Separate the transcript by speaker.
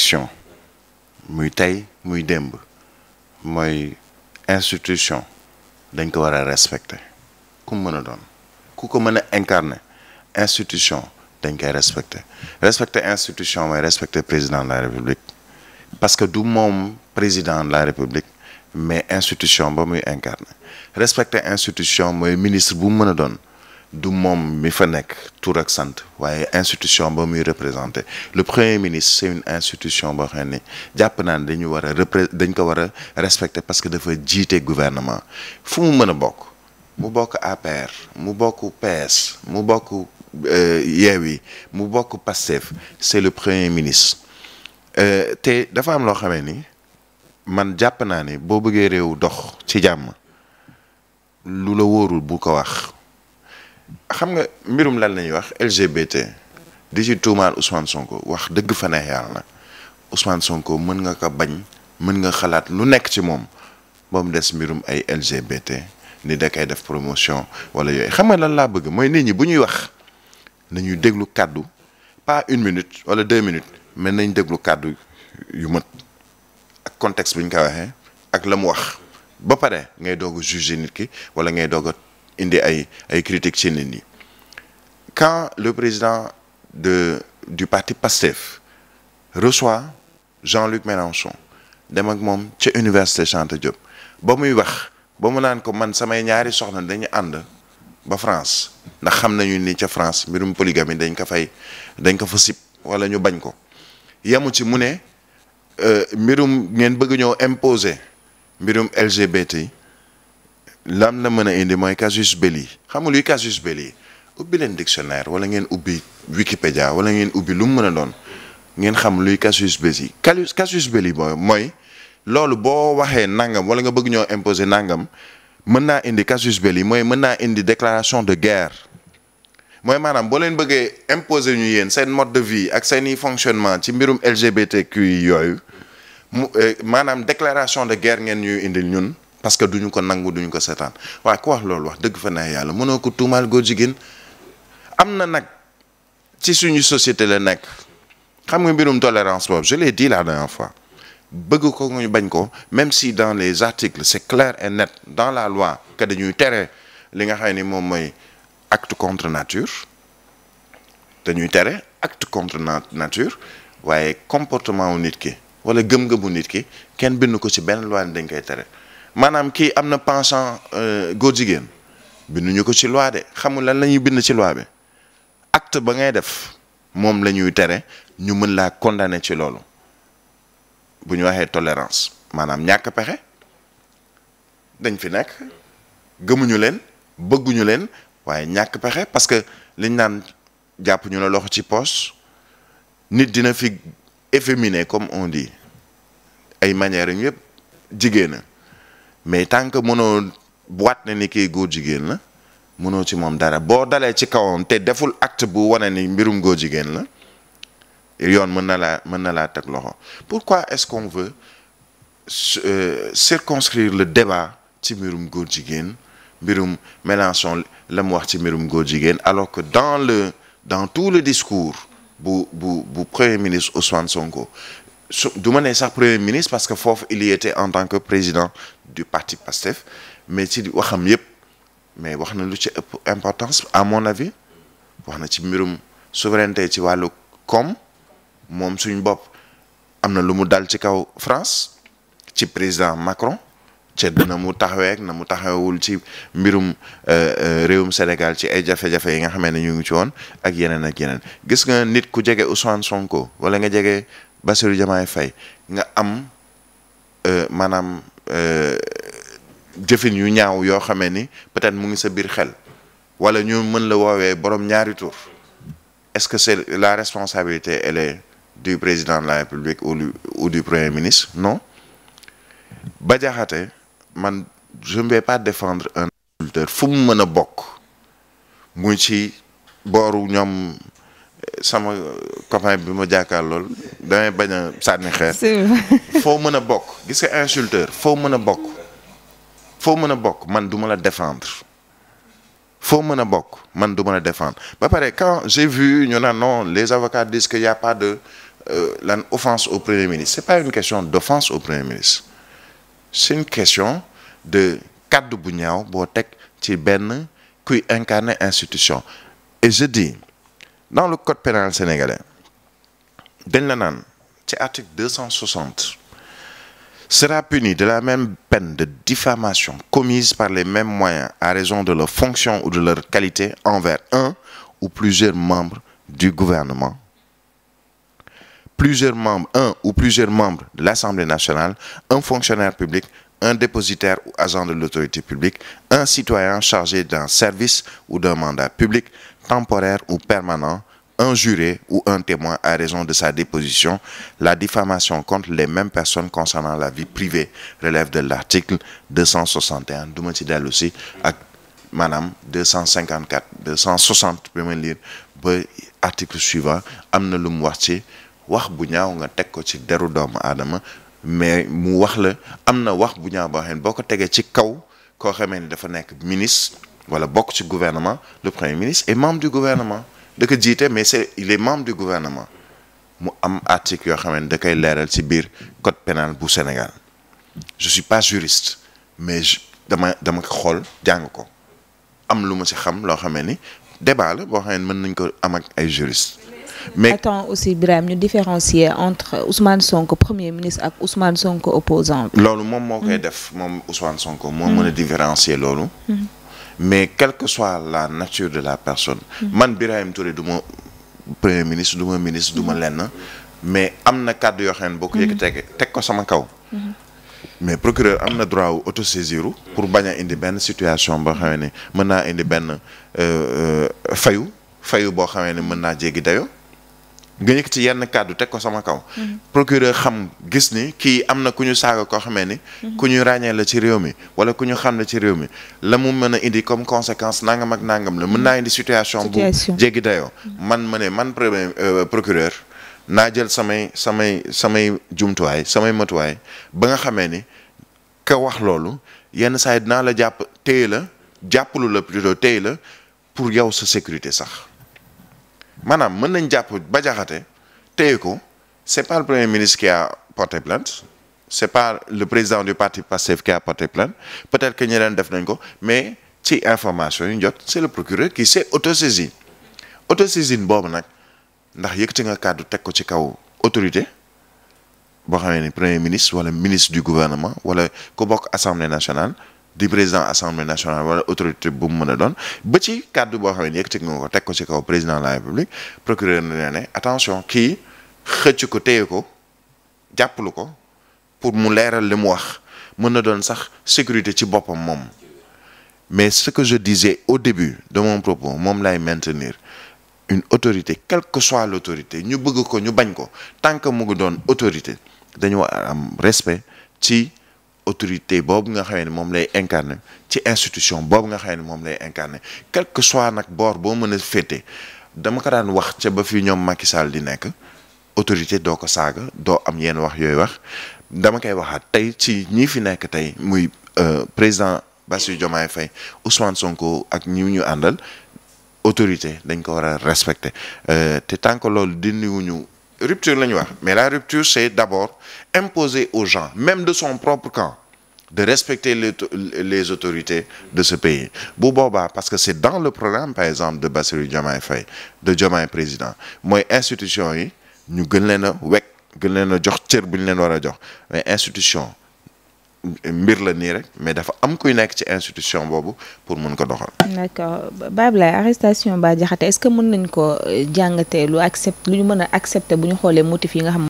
Speaker 1: action muy tey muy démb mooy institution dañ ko war a respecter ku mën a doon ku ko mën a incarner institution dañ koy respecter respecter institution mooy respecter président de la république parce que du moom président de la république mais institution ba muy incarner respecter institution mooy ministre bu mu mën a doon du moom mi fa nekk tur ak sant waaye institution ba muy représenté le premier ministre c'est une institution boo xam ne jàpp naa ne dañu war a repré dañ ko war a respecter parce que dafa jiite gouvernement fu mu mën a bokk mu bokk APR mu bokk PS mu bokk euh, Yewwi mu bokk Pastef c'est le premier ministre euh, te dafa am loo xamee ni man jàpp naa ne boo bëggee réew dox ci jàmm lu la wóorul bu ko wax xam nga mbirum lan la ñuy wax LGBT di ci tuumaal Ousmane Sonko wax dëgg fa neex yàlla nag Ousmane Sonko mën nga ko bañ mën nga xalaat lu nekk ci moom ba mu des mbirum ay LGBT ni da koy def promotion wala yooyu xam nga lan laa bëgg mooy nit ñi bu ñuy wax nañuy déglu kàddu pas une minute wala deux minutes mais nañ déglu kàddu yu mat ak contexte buñ ñu waxee ak la mu wax ba pare ngay doog a nit ki wala ngay doog indi ay ay critiques ci nit ñi quand le président de du parti PASTEF reçoit Jean-Luc Mélenchon dem ak moom ca université chante Anta Diop ba muy wax ba mu naan ko man samay ñaari soxna dañu ànd ba France ndax xam nañu ni ca France mbirum polygamie dañ ko fay dañ ko fa sip wala ñu bañ ko yamu ci mu ne euh, mbirum ngeen bëgg ñoo imposer mbirum LGBT lam la mën a indi mooy casus belli xam nga luy casus belli ubbi leen dictionnaire wala ngeen ubbi Wikipédia wala ngeen ubbi lu mu mën a doon ngeen xam luy casus belli casus belli mooy mooy loolu boo waxee nangam wala nga bëgg ñoo imposer nangam mën naa indi casus belli mooy mën naa indi déclaration de guerre mooy maanaam boo leen bëggee imposer ñu yéen seen mode de vie ak seeni fonctionnement ci mbirum LGBTQ yooyu mu eh, maanaam déclaration de guerre ngeen ñuy indil ñun. parce que duñu ko nangu duñu ko seetaan waaye ku wax loolu wax dëgg fa ne yàlla mënoo ko tuumaal goo jigéen am na nag ci suñu société la nekk xam nga mbirum tolérance boobu je l'ai dit la dernière fois bëgg ko ñu bañ ko même si dans les articles c'est clair et net dans la loi que dañuy tere li nga xam ni moom mooy acte contre nature dañuy tere acte contre nature waaye comportement wu nit ki wala gëm-gëmu nit ki kenn bindu ko ci benn loi dañ koy tere maanaam kii am na penchant euh, góor jigéen binduñu ko ci loi de xamul lan la ñuy bind ci loi bi acte ba ngay def moom la ñuy tere ñu mën laa condamné ci loolu bu ñu waxee tolérance maanaam ñàkk pexe dañ fi nekk gëmuñu leen bëgguñu leen waaye ñàkk pexe parce que liñ naan jàpp ñu la loxo ci poche nit dina fi efféminé comme on di ay manière yu yëpp jigéen mais tant que mënoo waat na ni kii góor jigéen la mënoo ci moom dara boo dalee ci kawam te deful act bu wane ni mbirum góor jigéen la yoon mën na laa mën na laa teg loxo pourquoi est-ce qu'on veut euh, circonscrire le débat ci mbirum góor jigéen mbirum Mélenchon la mu wax ci mbirum góor jigéen alors que dans le dans tout le discours bu bu bu premier ministre au Ousmane Sonko su du ma ne sax premier ministre parce que foofu il y en tant que président du parti PASTEF mais ci waxam yëpp mais wax na lu ci ëpp importance à mon avis wax na ci mbirum souveraineté ci wàllu koom moom suñ bopp am na lu mu dal ci kaw France ci président Macron ci dina mu taxawee na mu taxawewul ci mbirum euh, euh, réewum Sénégal ci ay jafe-jafe yi nga xamee ne ñu ngi ci woon ak yeneen ak yeneen gis nga nit ku jege Ousmane Sonko wala nga jege Bassirou Diomaye Faye nga am euh, maanaam Euh, jëfin yu ñaaw yoo xamee ni peut-être mu ngi sa biir xel wala ñu mën la woowee borom ñaari tour est-ce que c'est la responsabilité elle est du président de la République ou du premier ministre non Bah Diakhaté man je ne vais pas défendre un agriculteur fu mu mën a bokk mu ci booru ñoom sama copain bi ma jàkkaar lool damay bañ a sànni xeer foo mën a bokk gis nga insulteur foo mën a bokk foo mën a bokk man du ma la défendre foo mën a bokk man du ma la défendre ba pare quand j'ai vu ñoo naan non les avocats disent que y a pas de euh, lan offense au premier ministre c'est pas une question d'offense au premier ministre c'est une question de kaddu bu ñaaw boo teg ci benn kuy incarner institution et je dis dans le code pénal sénégalais dañ la naan ci article 260 sera puni de la même peine de diffamation commise par les mêmes moyens à raison de leur fonction ou de leur qualité envers un ou plusieurs membres du gouvernement plusieurs membres un ou plusieurs membres de l'Assemblée nationale un fonctionnaire public un dépositaire ou agent de l'autorité publique, un citoyen chargé d'un service ou d'un mandat public, temporaire ou permanent, un juré ou un témoin à raison de sa déposition, la diffamation contre les mêmes personnes concernant la vie privée relève de l'article 261 du ma ci dellu si ak maanaam 254 260 bi ma lire ba article suivant am na lu mu wax ci wax bu ñaaw nga teg ko ci deru doomu aadama mais mu wax la am na wax bu ñaar boo xam ne boo ko tegee ci kaw koo xamee ni dafa nekk ministre wala bokk ci gouvernement le premier ministre et membre du gouvernement da ko jiite mais c'est il est membre du gouvernement mu am article yoo xam ne da koy leeral ci biir code pénal bu Sénégal je suis pas juriste mais dama dama ko xool jàng ko am lu ma ci xam loo xamee ni débat la boo xam ne mën nañ ko am ak ay juriste mais attends aussi Birame ñu différencier entre Ousmane Sonko premier ministre ak Ousmane Sonko opposant loolu moom moo koy mm. def moom son Sonko moo mën a mm. différencier loolu. Mm. mais quelle que soit la nature de la personne. man Birame Touré du ma premier ministre du ma ministre du ma lenn. mais am na kàddu yoo xam ne boo ko yëkkatee teg ko sama kaw. Mm-hmm. mais procureur am na droit auto autosaisiru pour bañ a indi benn situation boo xamee ne mën naa indi benn euh, euh, fayu fayu boo xamee ne mën naa jéggi dayo nga ci yenn kàddu teg ko sama kaw. Mhm. procureur xam gis ni kii am na ku ñu saaga koo xamee ni. Mhm. ku ñu ràññee la ci réew mi wala ku ñu xam la ci réew mi la mu mën a indi comme conséquence nangam ak nangam la mën naa indi situation. bu jéggi dayoo. man ma ne man premier euh, procureur naa jël samay samay samay jumtuwaay samay matuwaay ba nga xamee ni ka wax loolu yenn saa yi dinaa la jàpp téye la jàppalu la plutôt téye la pour yow sa sécurité sax. maanaam mën nañ jàpp ba jaxate téye ko c'est pas le premier ministre a porté plainte c'est pas le président du parti Pastef qui a porté plainte peut-être que ñeneen def nañ ko mais ci information yu ñu jot c'est le procureur qui s'est autosaisi autosaisine boobu nag ndax yëkkati nga kàddu teg ko ci kaw autorité boo xamee ni premier ministre wala ministre du gouvernement wala ku bokk assemblée nationale di président assemblée nationale wala autorité bu mën a doon ba ci kàddu boo xam ne yëkkati nga ko teg ko ci kaw président de la république procureur na ne attention kii xëcc ko téye ko jàppalu ko pour mu leeral li mu wax mën na doon sax sécurité ci boppam moom mais ce que je disais au début de mon propos moom lay maintenir une autorité quelle que soit l'autorité ñu bëgg ko ñu bañ ko tant que mu ngi doon autorité dañu am respect autorité boobu nga xamee ne moom lay incarné ci institution boobu nga xamee ne moom lay incarné quel que nag boor boo mën a féete dama ko daan wax ca ba fi ñoom Macky saal di nekk autorité doo ko saaga doo am yenn wax yooyu wax dama koy waxaat tey ci ñi fi nekk tey muy euh, président Bassirou Diomaye Faye Ousmane Sonko ak ñi ñu àndal autorité dañ ko war a euh, te tant que loolu dindiwuñu rupture la ñu wax mais la rupture c'est d'abord imposer aux gens même de son propre camp de respecter les les autorités de ce pays bu boobaa parce que c'est dans le programme par exemple de Bassirou Diomaye Faye de Diomaye président mooy institution yi ñu gën leen a wekk gën leen a jox cër bu leen war a jox mais institution mbir la nii rek mais dafa am kuy nekk ci institution boobu pour mun ko doxal. d'accord Bablaye arrestation baa Diakhaté es ce que mën nañ ko jàngatee lu accept lu ñu mën a accepter bu ñu xoolee motif yi nga xam.